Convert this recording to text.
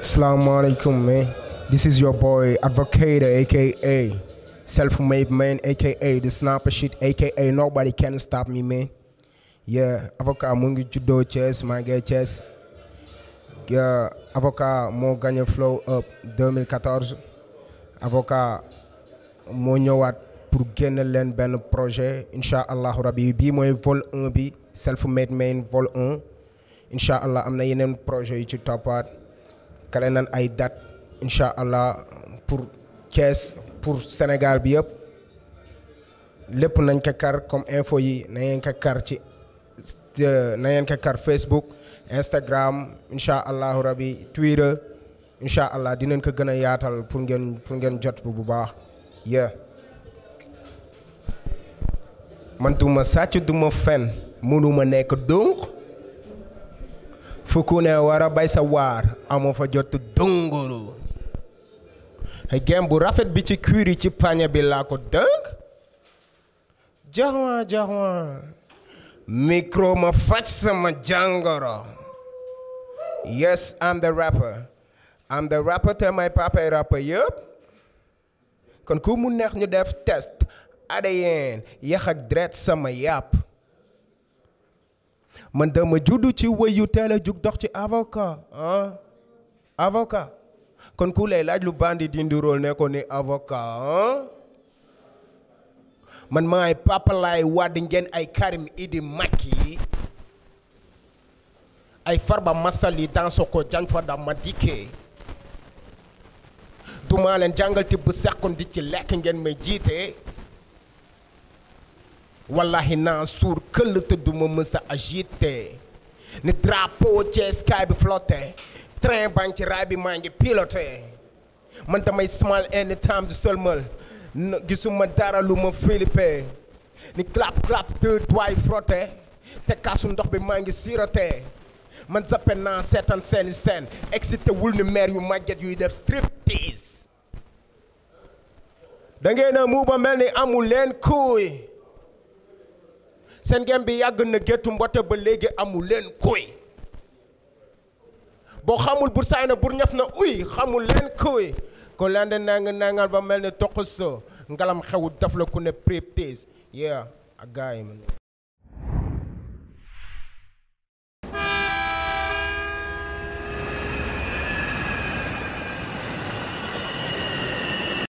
Assalamualaikum, man. This is your boy, Advocate, aka Self-Made Man, aka The Sniper Shit, aka Nobody Can Stop Me, Yeah, avocat mu ngi juddoo Thiès maa ngi Thiès avocat moo gagné flow up avocat moo ñëwaat pour génn leen benn projet incha allahu rabi bii mooy vol 1 bi self made man vol 1 incha allah am na yeneen projet yu ci toppaat. kale nañ ay date incha allah pour Thiès pour Sénégal bi yëpp lépp nañ ko kar comme info yi na ngeen ko kar ci na ngeen ko kar Facebook Instagram incha allahu rabi Twitter incha allah dinañ ko gën a yaatal pour ngeen pour ngeen jot bu baax yeah. man duma sàcc duma fen mënuma nekk donc fukku ne war bay sa waar amoo fa jot dunguru gem bu rafet bi ci cuir ci pañe bi laa ko dënk jaxwaa jaxwaa micro ma faj sama jàngoro yes I'm the rapper I'm the rapper te may papay rapper yëpp kon ku mu neex ñu def test ADN yax ak dret sama yàpp man dama juddu ci wëy yu teel a jug dox ci avocat ah, avocat kon ku lay laaj lu bandi di ndirool ne ko ni avocat ah man maay Papa Laay Wàdd ngeen ay Karim Idi Macky ay Farba Masali Dansokho Diagne Fada Madické duma leen jàngal tibb sekkoon di ci lekk ngeen may jiite wallahi naa suur këll tëdd ma mës a agité ni drapeau ci sky bi flotté train baa ci raay bi maa ngi piloté man damay small any time du sëlmal gisuma dara lu ma filipe ni clap clap deux doigts frotté te kaasu ndox bi maa ngi siroté man zappe naa seetaan seeni seen excité wul ni yu màgget yuy def striptease da ngeen a muuba mel ni amul leen kuuy seen ngem bi yàgg na géttu mbote ba léegi amul leen kuy boo xamul bur saay na bur ñaf na uy xamul leen kuy ko lande nang nangal ba mel ne toqus ngalam xewut daf la ku ne préptise yeah ak gars yi man